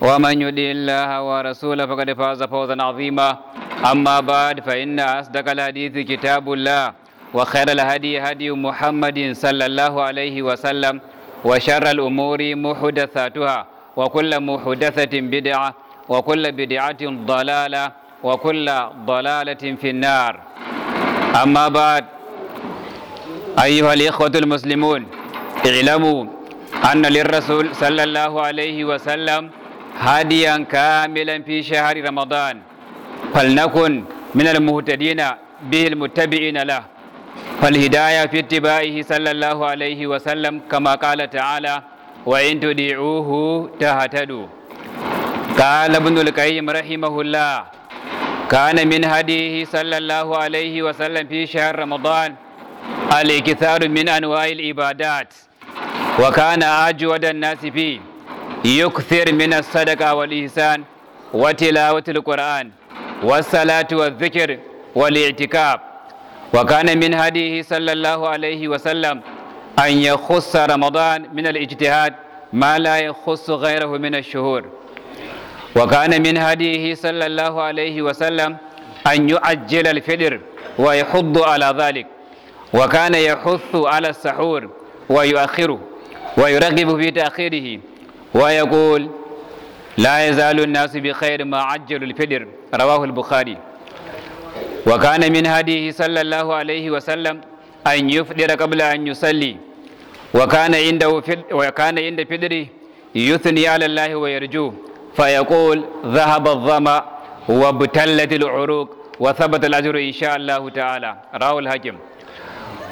ومن يدي الله ورسوله فقد فاز فوزا عظيما أما بعد فإن أصدق الحديث كتاب الله وخير الهدي هدي محمد صلى الله عليه وسلم وشر الأمور محدثاتها وكل محدثة بدعة وكل بدعة ضلالة وكل ضلالة في النار أما بعد أيها الإخوة المسلمون اعلموا أن للرسول صلى الله عليه وسلم هاديا كاملا في شهر رمضان فلنكن من المهتدين به المتبعين له فالهداية في اتباعه صلى الله عليه وسلم كما قال تعالى وإن تدعوه تهتدوا قال ابن القيم رحمه الله كان من هديه صلى الله عليه وسلم في شهر رمضان الاكثار من أنواع العبادات وكان أجود الناس فيه يكثر من الصدقة والإحسان وتلاوة القرآن والصلاة والذكر والاعتكاف وكان من هديه صلى الله عليه وسلم أن يخص رمضان من الاجتهاد ما لا يخص غيره من الشهور وكان من هديه صلى الله عليه وسلم أن يؤجل الفجر ويحض على ذلك وكان يحث على السحور ويؤخره ويرغب في تأخيره ويقول لا يزال الناس بخير ما عجل الفدر رواه البخاري وكان من هديه صلى الله عليه وسلم أن يفدر قبل أن يصلي وكان عنده وكان عند فدره يثني على الله ويرجوه فيقول ذهب الظما وابتلت العروق وثبت الأجر إن شاء الله تعالى رواه الحاكم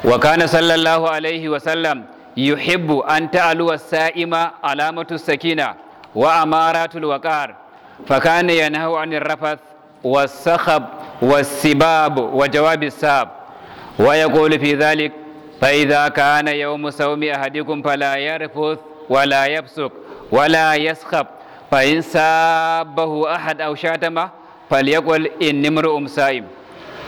وكان صلى الله عليه وسلم يحب أن تعلو السائمة علامة السكينة وأمارات الوقار فكان fa عن الرفث والسخب والسباب وجواب الساب ويقول في ذلك فإذا كان يوم صوم أحدكم فلا يرفث ولا يفسق ولا يسخب فإن سابه أحد أو شاتمه فليقل إني امرؤ سائم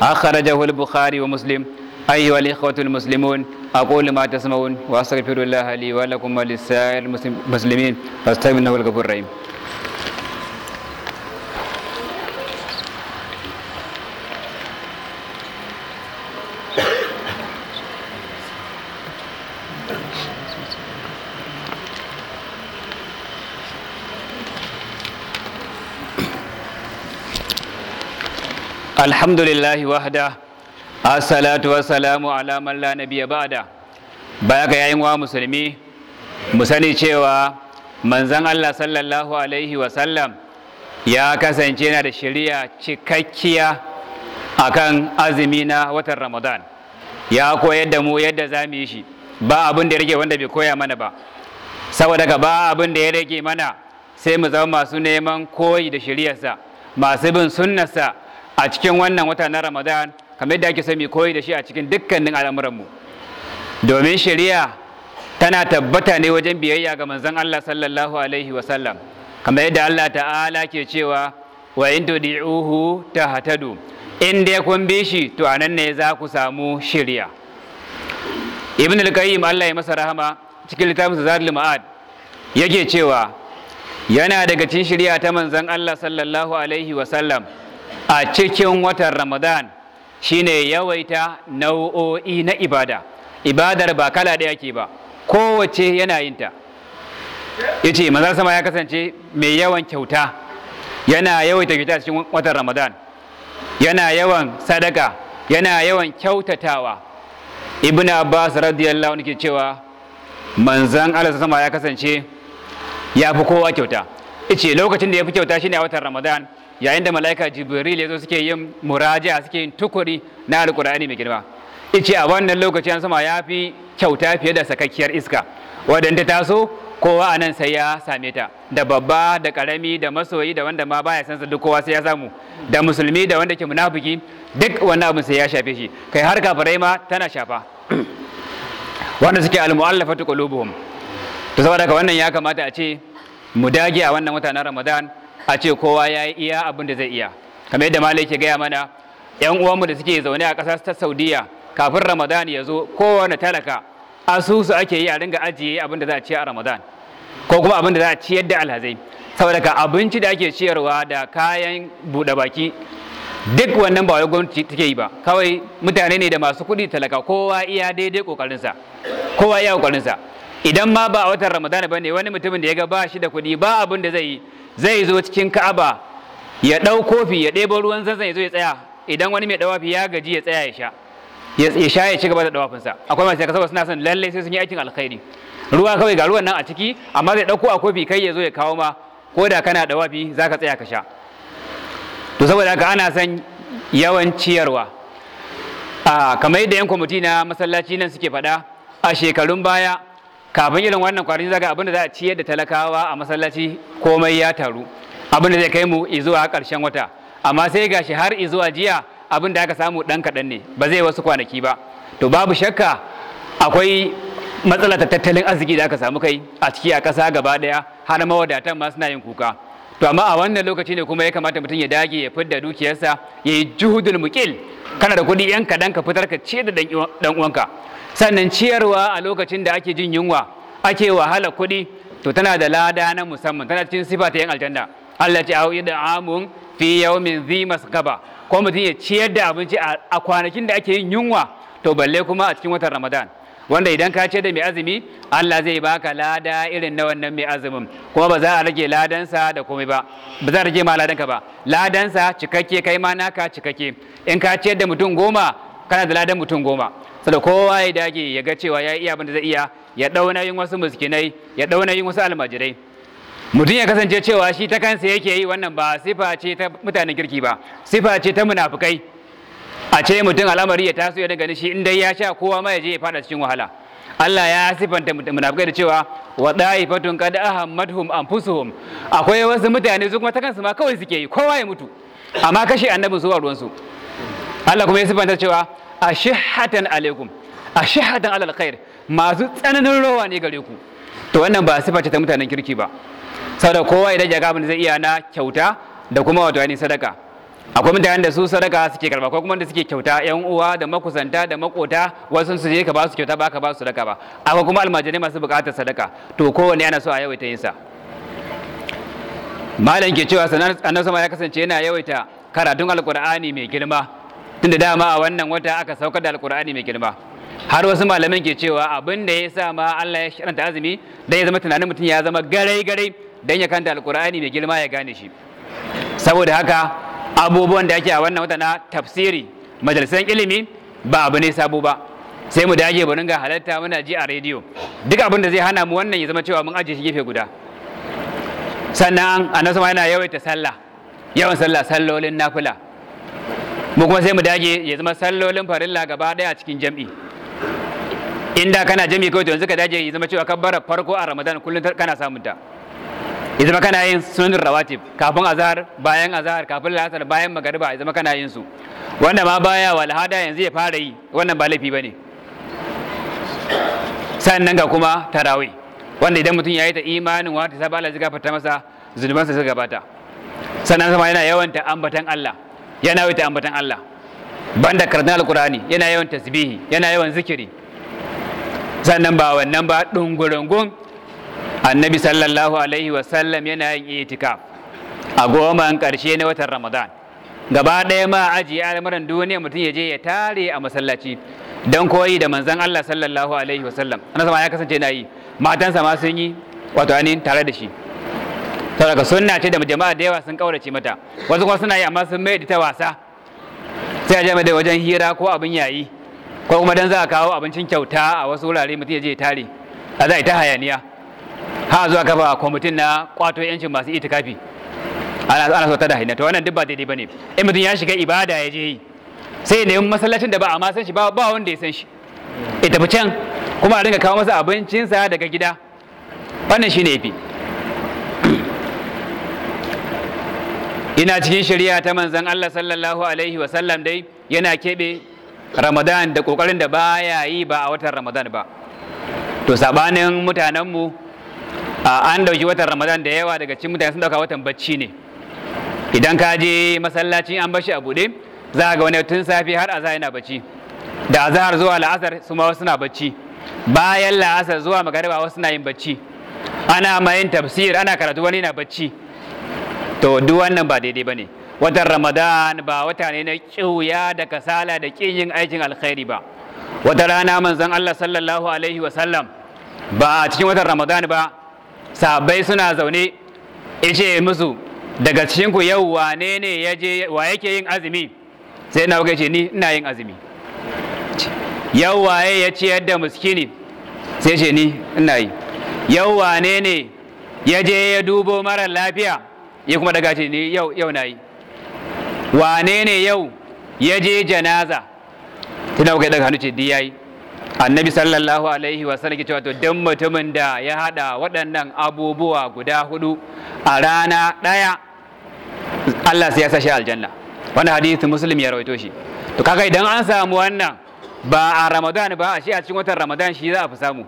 أخرجه البخاري ومسلم أيها الإخوة المسلمون أقول ما تسمعون وأستغفر الله لي ولكم ولسائر المسلمين فاستغفر إنه الغفور الرحيم الحمد لله وحده assalatu wassalamu ala man la nabiya ba'da baya ga yayin wa musulmi mu sani cewa manzon Allah sallallahu alaihi wa sallam ya kasance yana da shari'a cikakkiya akan azumi na watan Ramadan ya koyar da mu yadda za mu yi shi ba abin da ya rage wanda bai koya mana ba saboda ka ba abin da ya rage mana sai mu zama masu neman koyi da shari'arsa masu bin sunnarsa a cikin wannan wata na Ramadan kamar yadda ake sami koyi da shi a cikin dukkanin al'amuranmu domin shari'a tana tabbata ne wajen biyayya ga manzon Allah sallallahu alaihi wasallam kamar yadda Allah ta'ala ke cewa wa in tudi'uhu tahtadu in dai kun bi shi to a nan ne za ku samu shari'a ibn al-qayyim Allah ya masa rahama cikin littafin zadul ma'ad yake cewa yana daga cikin shari'a ta manzon Allah sallallahu alaihi wasallam a cikin watan Ramadan shine yawaita nau'o'i na ibada ibadar ba kala ɗaya ke ba kowace yana yin ta yace sama ya kasance mai yawan kyauta yana yawaita kyauta cikin watan Ramadan yana yawan sadaka yana yawan kyautatawa ibn abbas radiyallahu anhu ke cewa manzan allah sama ya kasance ya fi kowa kyauta ice lokacin da ya fi kyauta shine a watan ramadan yayin da mala'ika jibril ya zo suke yin muraja suke yin tukuri na alkur'ani mai girma ice a wannan lokaci an sama ya fi kyauta fiye da sakakkiyar iska wadanda taso kowa a nan sai ya same ta da babba da karami da masoyi da wanda ma baya sansa duk kowa sai ya samu da musulmi da wanda ke munafiki duk wannan abin sai ya shafe shi kai har kafirai ma tana shafa wanda suke almu'allafatu qulubuhum to saboda ka wannan ya kamata a ce mu dage a wannan watan Ramadan a ce kowa ya yi iya abin da zai iya kamar yadda malai ke gaya mana yan uwanmu da suke zaune a ƙasar ta saudiya kafin ramadan ya zo kowane talaka asusu ake yi a ringa ajiye abin da za a ci a ramadan ko kuma abin da za a ciyar da alhazai saboda ka abinci da ake ciyarwa da kayan buɗe baki duk wannan ba wai gwamnati take yi ba kawai mutane ne da masu kuɗi talaka kowa iya daidai ƙoƙarinsa. kowa iya ƙoƙarinsa idan ma ba watan ramadana ba ne wani mutumin da ya ga ba shi da kuɗi ba abin da zai yi zai zo cikin ka'aba ya ɗau kofi ya ɗebo ruwan zanzan ya zo ya tsaya idan wani mai dawafi ya gaji ya tsaya ya sha ya sha ya ci gaba da dawafinsa akwai masu yaka saboda suna son lallai sai sun yi aikin alkhairi ruwa kawai ga ruwan nan a ciki amma zai ɗauko a kofi kai ya zo ya kawo ma ko da kana dawafi za ka tsaya ka sha to saboda haka ana son yawan ciyarwa a ah, kamar yadda yan kwamiti na masallaci nan suke faɗa a shekarun baya kafin irin wannan kwarin zaga abin da za a ciyar da talakawa a masallaci komai ya taru abin da zai kai mu zuwa ƙarshen wata amma sai gashi har zuwa jiya abin da aka samu ɗan kaɗan ne ba zai wasu kwanaki ba to babu shakka akwai matsalar tattalin arziki da aka samu kai a ciki a ƙasa gaba ɗaya har mawadatan ma suna yin kuka to amma a wannan lokaci ne kuma ya kamata mutum ya dage ya fidda dukiyarsa ya yi juhudul mukil kana da kuɗi yan kaɗan ka fitar ka ci da dan uwanka sannan ciyarwa a lokacin da ake jin yunwa ake wahala kuɗi to tana da lada na musamman tana cikin sifa ta yan aljanna Allah ce au da amun fi yawmin zi masgaba ko mutum ya ciyar da abinci a kwanakin da ake yin yunwa to balle kuma a cikin watan Ramadan wanda idan ka ce da mai azumi Allah zai baka lada irin na wannan mai azumin kuma ba za a rage ladansa da komai ba ba za a rage ma ladanka ba ladansa cikakke kai ma naka cikakke in ka ce da mutum goma kana da ladan mutum goma saboda kowa ya dage ya ga cewa ya iya abin da zai iya ya dauna yin wasu muskinai ya dauna yin wasu almajirai mutum ya kasance cewa shi ta kansa yake yi wannan ba sifa ce ta mutanen kirki ba sifa ce ta munafukai a ce mutum al'amari ya taso ya daga shi in dai ya sha kowa ma ya je ya fada cikin wahala Allah ya sifanta munafikai da cewa wa da'ifatun qad ahammadhum anfusuhum akwai wasu mutane su kuma ta kansu ma kawai suke yi kowa ya mutu amma kashe annabi su ruwan su Allah kuma ya sifanta cewa ashihatan alaikum ashihatan alal khair masu tsananin rawa ne gare ku to wannan ba sifata ta mutanen kirki ba saboda kowa idan ya ga zai iya na kyauta da kuma wato ainihin sadaka akwai mutanen da su sadaka suke karba ko kuma da suke kyauta yan uwa da makusanta da makota wasu su je ka ba su kyauta ba ka ba su sadaka ba akwai kuma almajirai masu bukatar sadaka to kowane yana so a yawaita yin sa malam ke cewa sanar annabi sama ya kasance yana yawaita karatun alqur'ani mai girma tunda dama a wannan wata aka saukar da alqur'ani mai girma har wasu malaman ke cewa abin da ya sa ma Allah ya shiranta azumi dan ya zama tunanin mutum ya zama garai garai dan ya kanta alqur'ani mai girma ya gane shi saboda haka abubuwan da ake a wannan wata na tafsiri majalisan ilimi ba abu ne sabo ba sai mu dage mu ringa halatta muna ji a rediyo duk abin da zai hana mu wannan ya zama cewa mun ajiye shi gefe guda sannan annabi yana yawaita sallah yawan sallah sallolin nafila mu kuma sai mu dage ya zama sallolin farilla gaba daya a cikin jam'i inda kana jami'i kawai to yanzu ka dage ya zama cewa kabbara farko a ramadan kullum kana samun ta ya zama kana yin sunanin rawatib kafin azhar bayan azhar kafin lasar bayan magariba ya zama kana yin su wanda ma baya walhada yanzu ya fara yi wannan ba laifi bane sannan ga kuma tarawi wanda idan mutum ya yi ta imanin wata ta bala zai gafarta masa zunubansa zai gabata sannan sama yana yawan ta ambatan Allah yana yawan ta ambatan Allah banda karatun alqurani yana yawan tasbihi yana yawan zikiri sannan ba wannan ba dungurungun annabi sallallahu alaihi wasallam yana yin itikaf a goma ƙarshe na watan ramadan gaba ɗaya ma aji al'amuran duniya mutum ya je ya tare a masallaci don koyi da manzon Allah sallallahu alaihi wasallam ana sama ya kasance na yi matansa ma sun yi wato ainihin tare da shi saboda sunna ce da jama'a da yawa sun kaurace mata wasu kuma suna yi amma sun mai ta wasa sai a jami'a da wajen hira ko abin yayi ko kuma dan za a kawo abincin kyauta a wasu wurare mutum ya je ya tare a za a yi ta hayaniya har zuwa kafa kwamitin na kwato yancin masu itikafi ana ana so ta da hanya to wannan duk ba daidai bane in mutum ya shiga ibada ya je yi sai ne masallacin da ba a ma san shi ba ba wanda ya san shi ya tafi can kuma a dinga kawo masa abincinsa daga gida wannan shine yafi ina cikin shari'a ta manzon Allah sallallahu alaihi wa sallam dai yana keɓe Ramadan da kokarin da baya yi ba a watan Ramadan ba to sabanin mutanenmu mu A an dauki watan ramadan da yawa daga cikin mutane sun dauka watan bacci ne idan ka je masallaci an bashi a bude za ga wani tun safe har azhar yana bacci da azhar zuwa la'asar su ma wasu na bacci bayan la'asar zuwa magariba wasu na yin bacci ana ma tafsir ana karatu wani na bacci to duk wannan ba daidai bane watan ramadan ba wata ne na kiuya da kasala da kin yin aikin alkhairi ba wata rana manzon Allah sallallahu alaihi wa sallam ba a cikin watan ramadan ba sahabbai suna zaune ce musu daga cikin ku yau wane ne ya je wa yake yin azumi sai na ce ni ina yin azumi yau waye ya ciyar da muskini? sai ce ni ina yi yau wane ne ya je ya dubo mara lafiya ya kuma daga ce ni yau yau na yi wane ne yau ya je janaza sai na daga hannu ce di yayi annabi sallallahu alaihi wasallam ke cewa to dan mutumin da ya hada waɗannan abubuwa guda hudu a rana ɗaya Allah sai ya sashi aljanna wannan hadisi muslim ya rawaito shi to kaga idan an samu wannan ba a ramadan ba a shi a cikin watan ramadan shi za a fi samu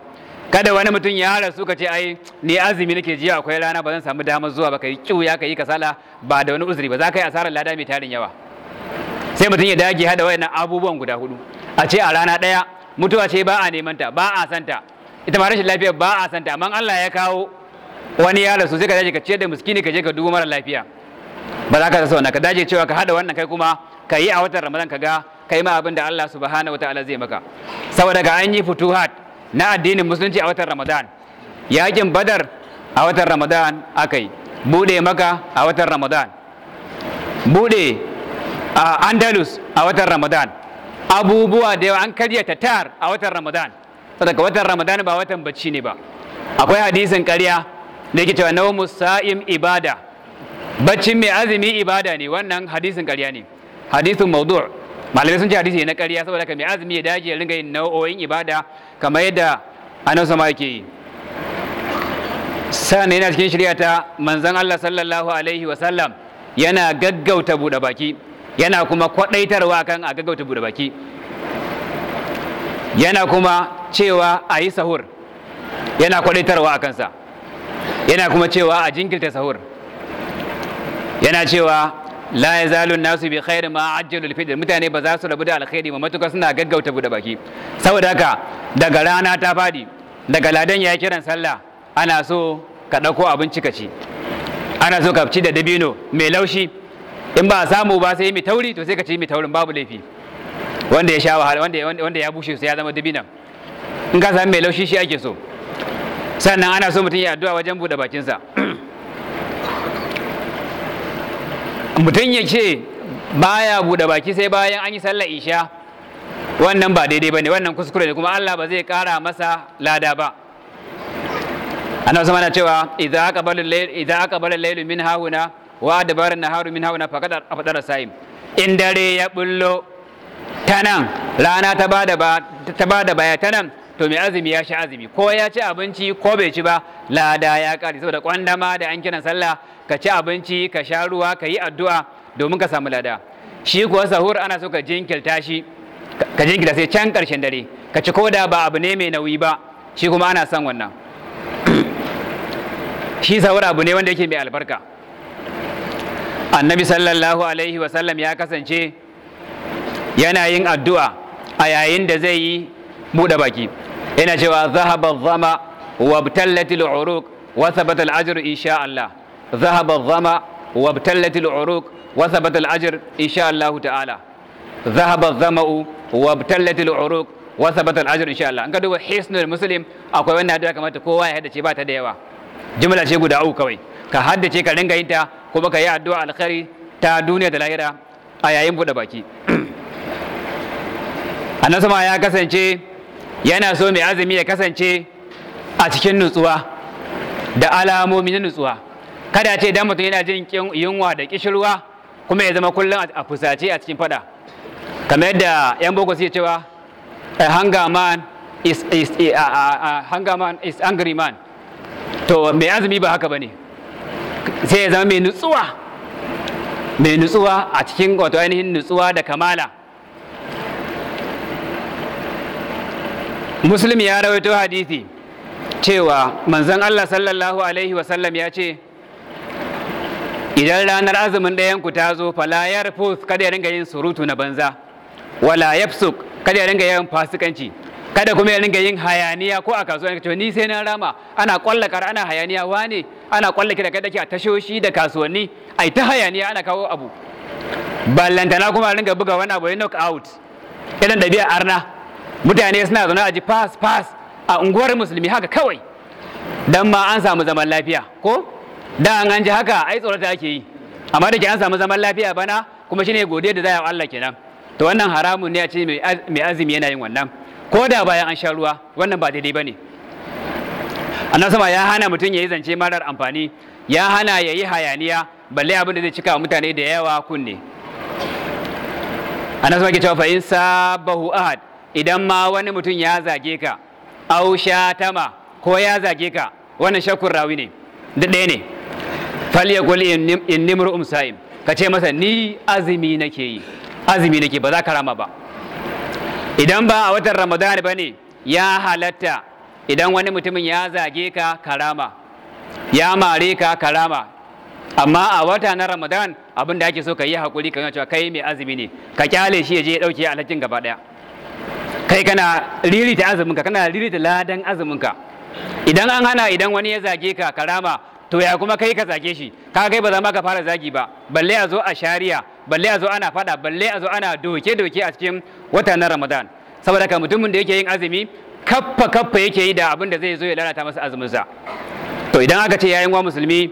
kada wani mutum ya rasu ka ce ai ni azumi nake jiya akwai rana ba zan samu damar zuwa ba kai ya kai kasala ba da wani uzuri ba za ka yi asarar lada mai tarin yawa sai mutum ya dage hada wayannan abubuwan guda hudu a ce a rana daya mutuwa ce ba a neman ta ba a santa ita ma rashin lafiya ba a santa amma Allah ya kawo wani ya rasu sai ka dace ka ciyar da miskini ka je ka dubo mara lafiya ba za ka rasa wannan ka dace cewa ka hada wannan kai kuma ka yi a watan Ramadan ka ga kai ma abin da Allah subhanahu wataala zai maka saboda ga an yi futuhat na addinin musulunci a watan Ramadan yakin Badar a watan Ramadan akai bude maka a watan Ramadan bude a ah, Andalus a watan Ramadan abubuwa da yawa an karya ta tar a watan ramadan sadaka watan ramadan ba watan bacci ne ba akwai hadisin karya da yake cewa nawmu sa'im ibada baccin mai azumi ibada ne wannan hadisin karya ne hadisin maudu' malamai sun ce hadisi na karya saboda ka mai azumi ya dace ya ringa yin nau'o'in ibada kamar yadda annabi sama yake yi sannan yana cikin shirya ta manzon Allah sallallahu alaihi wa sallam yana gaggauta buɗe baki yana kuma kwaɗaitarwa kan a gaggauta bude baki yana kuma cewa a yi sahur yana kwaɗaitarwa a kansa yana kuma cewa a jinkirta sahur yana cewa la ya zalun nasu bi khairu ma ajjalul fitr mutane ba za su rabu da alkhairi ba matuƙa suna gaggauta bude baki saboda haka daga rana ta fadi daga ladan ya kiran sallah ana so ka ɗauko abinci ka ci ana so ka ci da dabino mai laushi in ba a samu ba sai mai tauri to sai ka ci mai taurin babu laifi wanda ya sha wahala wanda ya bushe sai ya zama dubina in ka sami mai laushi shi ake so sannan ana so mutum ya addu'a wajen buɗe bakinsa mutum ya ce baya buɗe baki sai bayan an yi sallar isha wannan ba daidai ba ne wannan kuskure ne kuma Allah ba zai ƙara masa lada ba ana so mana cewa idza aqbalu layl idza aqbalu layl min hauna wa dabarar haru min hauna faqad afdara sa'im in dare ya bullo ta rana ta ba da baya ta nan to mai azumi ya sha azumi ko ya ci abinci ko bai ci ba lada ya kare saboda kwandama da an kiran sallah ka ci abinci ka sha ruwa ka yi addu'a domin ka samu lada shi kuwa sahur ana so ka jinkirta shi ka jinkirta sai can karshen dare ka ci koda ba abu ne mai nauyi ba shi kuma ana son wannan shi sahur abu ne wanda yake mai albarka annabi sallallahu alaihi wasallam ya kasance yana yin addu'a a yayin da zai yi buɗe baki yana cewa zahaba zama wa btallatil uruq wa thabata al-ajr insha Allah zahaba zama wa btallatil uruq wa thabata al-ajr insha Allah ta'ala zahaba zama'u wa btallatil uruq wa thabata al-ajr insha Allah in ka duba hisnul muslim akwai wannan da kamata kowa ya hada ce ba ta da yawa jimla ce guda uku kawai ka haddace ka ringa yin ta kuma ka yi addu'a alkhairi ta duniya da lahira a yayin buɗe baki annabi sama ya kasance yana so mai azumi ya kasance a cikin nutsuwa da alamomi na nutsuwa kada ce dan mutum yana jin yunwa da kishirwa kuma ya zama kullum a fusace a cikin fada kamar yadda yan boko suke cewa a hunger man is, is, a, a, man is angry man to mai azumi ba haka ba ne. sai ya zama mai nutsuwa mai nutsuwa a cikin wato ainihin nutsuwa da kamala muslim ya rawaito hadisi cewa manzon Allah sallallahu alaihi wasallam ya ce idan ranar azumin ɗayanku ta zo fala ya kada ya ringa yin surutu na banza wala yafsuk kada ya ringa yin fasikanci kada kuma ya ringa yin hayaniya ko a kasuwa ce ni sai na rama ana kwalla kar ana hayaniya wane ana kwalla da kai dake a tashoshi da kasuwanni ai ta hayaniya ana kawo abu ballantana kuma a ringa buga wani abu ya knock out irin ɗabi'a arna mutane suna zaune a ji pass pass a unguwar musulmi haka kawai dan ma an samu zaman lafiya ko da an ji haka ai tsorata ake yi amma da ke an samu zaman lafiya bana kuma shine godiya da zai Allah kenan to wannan haramun ne a ce mai azumi yana yin wannan ko da bayan an sha ruwa wannan ba daidai bane ana sama ya hana mutum ya yi zance marar amfani ya hana ya yi hayaniya balle abin da zai cika wa mutane da yawa kunne ana sama ke cewa fa sabahu ahad idan ma wani mutum ya zage ka au shatama ko ya zage ka wannan shakkun rawi ne duk ɗaya ne kuli in nimru umsaim ka ce masa ni azumi nake yi azumi nake ba za ka rama ba idan ba a watan ramadan ba ne ya halatta idan wani mutumin ya zage ka karama ya mare ka karama amma a wata na ramadan abin da ake so ka yi hakuri ka cewa kai mai azumi ne ka kyale shi ya je ya ɗauke alhakin gaba ɗaya kai kana ririta azuminka kana ririta ladan azuminka idan an hana idan wani ya zage ka karama to ya kuma kai ka zage shi ka kai ba za ma ka fara zagi ba balle a zo a shari'a balle a zo ana fada balle a zo ana doke doke a cikin watan na ramadan saboda ka mutumin da yake yin azumi kaffa kaffa yake yi da abin da zai zo ya lalata masa azumin sa to idan aka ce yayin wa musulmi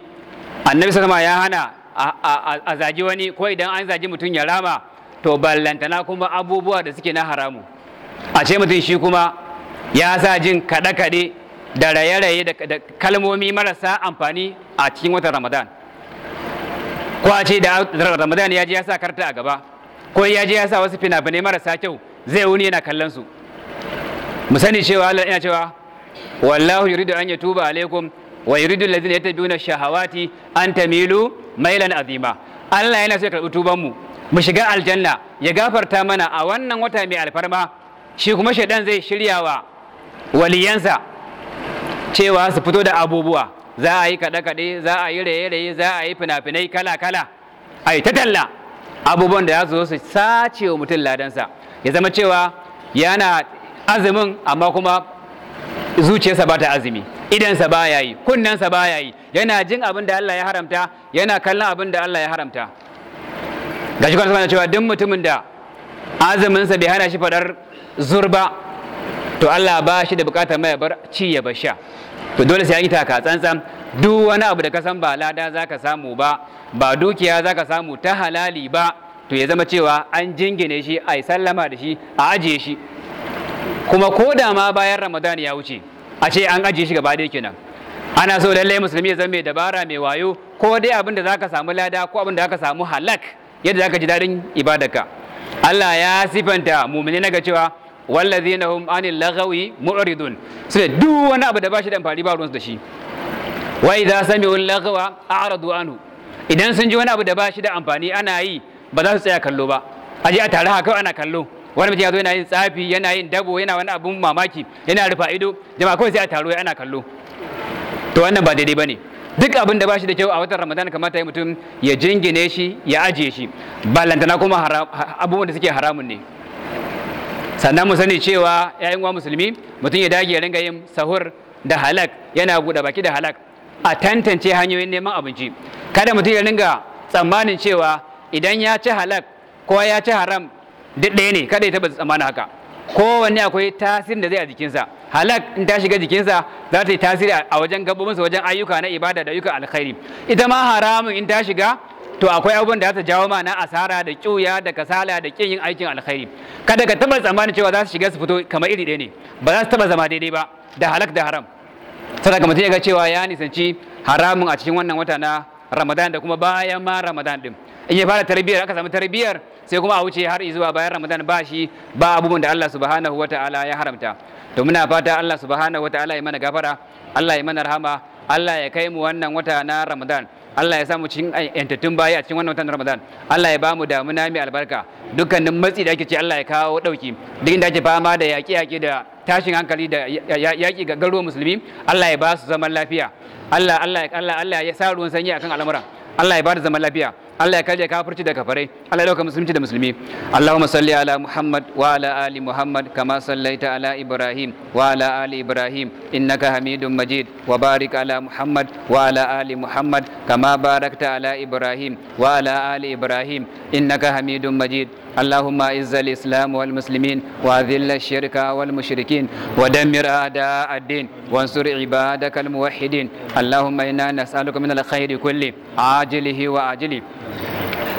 annabi sallama ya hana a zagi wani ko idan an zagi mutum ya rama to ballantana kuma abubuwa da suke na haramu a ce mutum shi kuma ya sa jin kaɗe-kaɗe da raye-raye da kalmomi marasa amfani a cikin watan ramadan ko a ce da ramadan ya je ya sa karta a gaba ko ya je ya sa wasu fina-finai marasa kyau zai wuni yana kallon su mu sani cewa Allah yana cewa wallahu yuridu an yatuba alaikum wa yuridu allazina yattabi'una shahawati an tamilu mailan azima Allah yana so ya karbi tuban mu mu shiga aljanna ya gafarta mana a wannan wata mai alfarma shi kuma shaidan zai shirya wa waliyansa cewa su fito da abubuwa za a yi kaɗe-kaɗe za a yi raye-raye za a yi fina-finai kala-kala a yi ta talla abubuwan da ya zo su sace wa mutum ladansa ya zama cewa yana azumin amma kuma zuciyarsa ba ta azumi idansa ba ya yi kunnensa ba ya yi yana jin abin da Allah ya haramta yana kallon abin da Allah ya haramta shi kuma cewa duk mutumin da azuminsa bai hana shi faɗar zurba to Allah ba shi da bukatar mai bar ci ya bar sha to dole sai an yi taka tsantsan duk wani abu da ka san ba lada za ka samu ba ba dukiya za ka samu ta halali ba to ya zama cewa an jingine shi a yi sallama da shi a ajiye shi kuma ko da ma bayan ramadan ya wuce a ce an ajiye shi gaba yake kenan ana so lallai musulmi ya zama mai dabara mai wayo ko dai abin da za ka samu lada ko abin da za ka samu halak yadda za ka ji daɗin ibadarka Allah ya sifanta mumini na ga cewa wallazina hum anil lagawi mu'ridun sai duk wani abu da ba shi da amfani ba ruwansu da shi wa idza sami'u lagawa a'radu anhu idan sun ji wani abu da ba shi da amfani ana yi ba za su tsaya kallo ba je a tare haka ana kallo wani mutum ya zo yana yin tsafi yana yin dabo yana wani abun mamaki yana rufa ido jama'a kawai sai a taro ana kallo to wannan ba daidai bane duk abin da bashi da kyau a watan ramadan kamata ya mutum ya jingine shi ya ajiye shi lantana kuma abubuwan da suke haramun ne sannan mu sani cewa yayin wa musulmi mutum ya dage ya ringa yin sahur da halak yana buɗe baki da halak a tantance hanyoyin neman abinci kada mutum ya ringa tsammanin cewa idan ya ci halak ko ya ci haram duk ɗaya ne kada ya taɓa tsammanin haka kowanne akwai tasirin da zai a jikinsa halak in ta shiga jikinsa za ta yi tasiri a wajen gabobinsa wajen ayyuka na ibada da ayyukan alkhairi ita ma haramun in ta shiga to akwai abubuwan da za su jawo mana asara da ƙiuya da kasala da ƙin yin aikin alkhairi kada ka taba tsammanin cewa za su shiga su fito kamar iri ɗaya ne ba za su taba zama daidai ba da halak da haram sadaka mutum ya cewa ya nisanci haramun a cikin wannan wata na ramadan da kuma bayan ma ramadan din in ya fara tarbiyyar aka samu tarbiyyar sai kuma a wuce har zuwa bayan ramadan ba shi ba abubuwan da Allah subhanahu wataala ya haramta to muna fata Allah subhanahu wataala ya mana gafara Allah ya mana rahama Allah ya kai mu wannan wata na ramadan Allah ya samu cikin yantattun baya a cikin wannan watan Ramadan Allah ya ba mu damuna mai albarka dukkanin matsi da ake ce Allah ya kawo dauki duk inda ake fama da yaƙi yaƙi da tashin hankali da yaƙi ga garuwa musulmi Allah ya ba su zaman lafiya Allah Allah Allah ya sa ruwan sanyi akan alamuran. Allah ya ba da zaman lafiya Allah ya karya kafirci da kafirai Allah ya dauka musulunci da musulmi Allahumma salli ala Muhammad wa ala ali Muhammad kama sallaita ala Ibrahim wa ala ali Ibrahim innaka Hamidum Majid wa barik ala Muhammad wa ala ali Muhammad kama barakta ala Ibrahim wa ala ali Ibrahim innaka Hamidum Majid اللهم اعز الاسلام والمسلمين واذل الشرك والمشركين ودمر اعداء الدين وانصر عبادك الموحدين اللهم انا نسالك من الخير كله عاجله واجله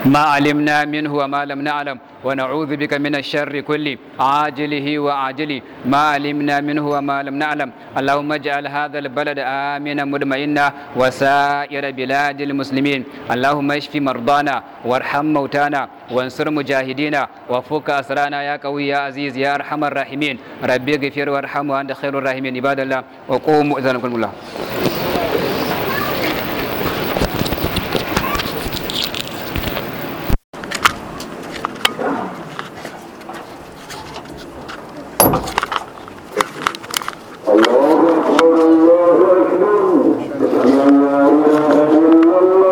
ما علمنا منه وما لم نعلم ونعوذ بك من الشر كله عاجله وعاجله ما علمنا منه وما لم نعلم اللهم اجعل هذا البلد آمنا مطمئنا وسائر بلاد المسلمين اللهم اشف مرضانا وارحم موتانا وانصر مجاهدينا وفك أسرانا يا قوي يا عزيز يا أرحم الراحمين ربي اغفر وارحم وأنت خير الراحمين عباد الله وقوموا إذا الله